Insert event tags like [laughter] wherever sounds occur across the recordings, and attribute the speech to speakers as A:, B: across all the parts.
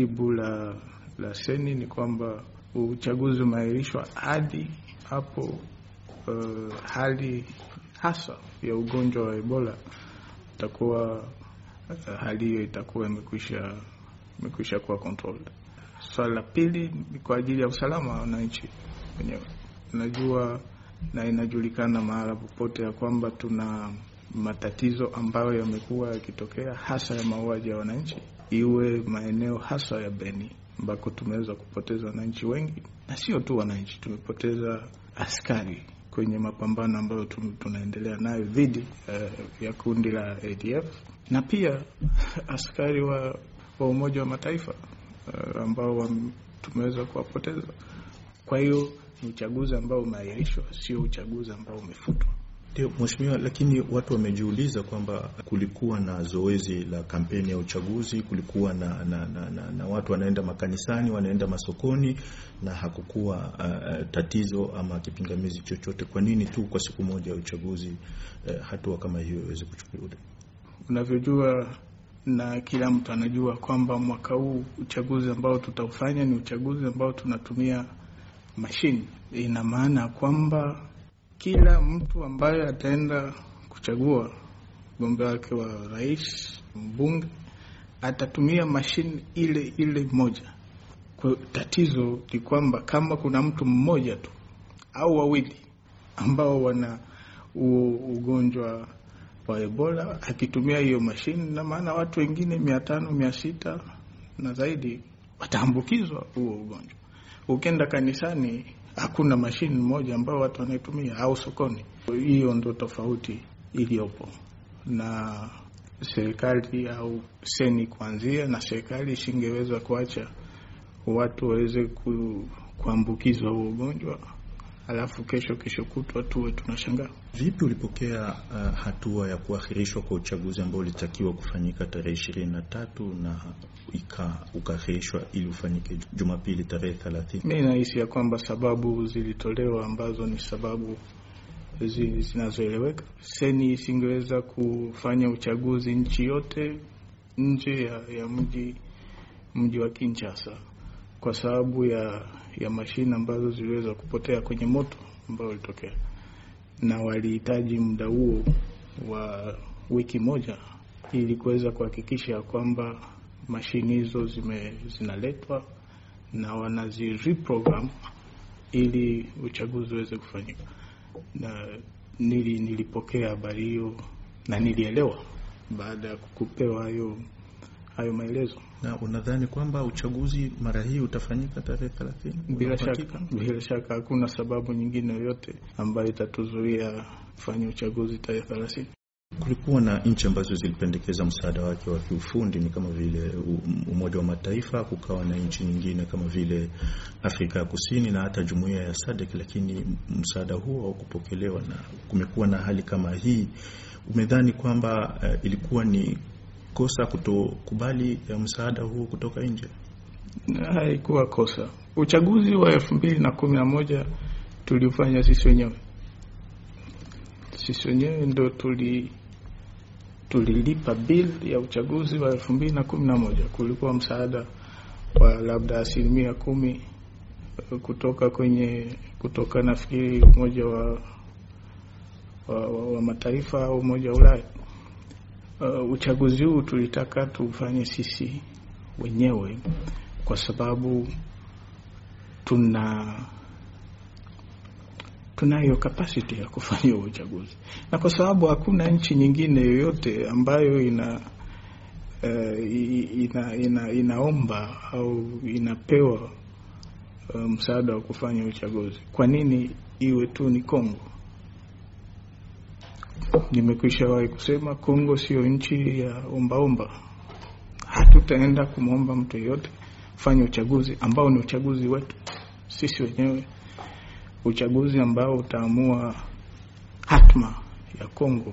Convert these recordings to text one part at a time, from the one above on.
A: jibu la la seni ni kwamba uchaguzi umeahirishwa hadi hapo uh, hali hasa ya ugonjwa wa Ebola itakuwa uh, hali hiyo itakuwa imekwisha imekwisha kuwa controlled. Swala la pili ni kwa ajili ya usalama wa wananchi wenyewe. Najua na inajulikana mahala popote ya kwamba tuna matatizo ambayo yamekuwa yakitokea hasa ya mauaji ya wananchi, iwe maeneo hasa ya Beni ambako tumeweza kupoteza wananchi wengi, na sio tu wananchi, tumepoteza askari kwenye mapambano ambayo tunaendelea nayo dhidi uh, ya kundi la ADF na pia [laughs] askari wa, wa Umoja wa Mataifa uh, ambao wa, tumeweza kuwapoteza. Kwa hiyo ni uchaguzi ambao umeahirishwa, sio uchaguzi ambao umefutwa.
B: Mheshimiwa, lakini watu wamejiuliza kwamba kulikuwa na zoezi la kampeni ya uchaguzi, kulikuwa na, na, na, na, na watu wanaenda makanisani, wanaenda masokoni na hakukuwa uh, tatizo ama kipingamizi chochote. Kwa nini tu kwa siku moja ya uchaguzi uh, hatua kama hiyo iweze
A: kuchukuliwa? Unavyojua na kila mtu anajua kwamba mwaka huu uchaguzi ambao tutaufanya ni uchaguzi ambao tunatumia mashine. Ina maana kwamba kila mtu ambaye ataenda kuchagua mgombea wake wa rais, mbunge, atatumia mashine ile ile moja. Kwa tatizo ni kwamba kama kuna mtu mmoja tu au wawili ambao wana huo ugonjwa wa Ebola akitumia hiyo mashine, na maana watu wengine mia tano mia sita na zaidi wataambukizwa huo ugonjwa. Ukienda kanisani hakuna mashini moja ambayo watu wanaitumia au sokoni. Hiyo ndo tofauti iliyopo na serikali au seni kuanzia, na serikali isingeweza kuacha watu waweze kuambukizwa huo ugonjwa alafu kesho kesho kutwa tuwe tunashangaa.
B: Vipi ulipokea uh, hatua ya kuahirishwa kwa uchaguzi ambao ulitakiwa kufanyika tarehe ishirini na tatu na ukaahirishwa ili ufanyike Jumapili tarehe thelathini? Mi nahisi
A: ya kwamba sababu zilitolewa ambazo ni sababu zinazoeleweka. Seni isingeweza kufanya uchaguzi nchi yote nje ya, ya mji mji wa Kinshasa kwa sababu ya ya mashine ambazo ziliweza kupotea kwenye moto ambao ulitokea, na walihitaji muda huo wa wiki moja ili kuweza kuhakikisha kwamba mashine hizo zime zinaletwa na wanazi reprogram ili uchaguzi uweze kufanyika. Na nili nilipokea habari hiyo na nilielewa baada ya kupewa hayo hayo maelezo. Na unadhani kwamba uchaguzi mara hii utafanyika tarehe 30? Bila shaka, bila shaka hakuna sababu nyingine yoyote ambayo itatuzuia kufanya uchaguzi tarehe 30. Kulikuwa
B: na nchi ambazo zilipendekeza msaada wake wa kiufundi, ni kama vile Umoja wa Mataifa, kukawa na nchi nyingine kama vile Afrika ya Kusini na hata Jumuiya ya SADC, lakini msaada huo haukupokelewa na kumekuwa na hali kama hii. Umedhani
A: kwamba uh, ilikuwa ni kosa kutokubali eh, msaada huu kutoka nje? Haikuwa kosa. Uchaguzi wa elfu mbili na kumi na moja tuliufanya sisi wenyewe, sisi wenyewe ndo tuli tulilipa bil ya uchaguzi wa elfu mbili na kumi na moja. Kulikuwa msaada wa labda asilimia kumi eh, kutoka kwenye kutoka nafikiri umoja wa, wa, wa, wa mataifa au umoja wa Ulaya uh, uchaguzi huu tulitaka tufanye sisi wenyewe kwa sababu tuna tunayo capacity ya kufanya uchaguzi na kwa sababu hakuna nchi nyingine yoyote ambayo ina uh, ina, ina inaomba au inapewa uh, msaada um, wa kufanya uchaguzi. Kwa nini iwe tu ni Kongo? Nimekwisha wahi kusema Kongo sio nchi ya ombaomba. Hatutaenda kumwomba mtu yeyote fanya uchaguzi ambao ni uchaguzi wetu sisi wenyewe, uchaguzi ambao utaamua hatma ya Kongo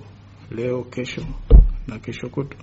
A: leo, kesho na kesho kutwa.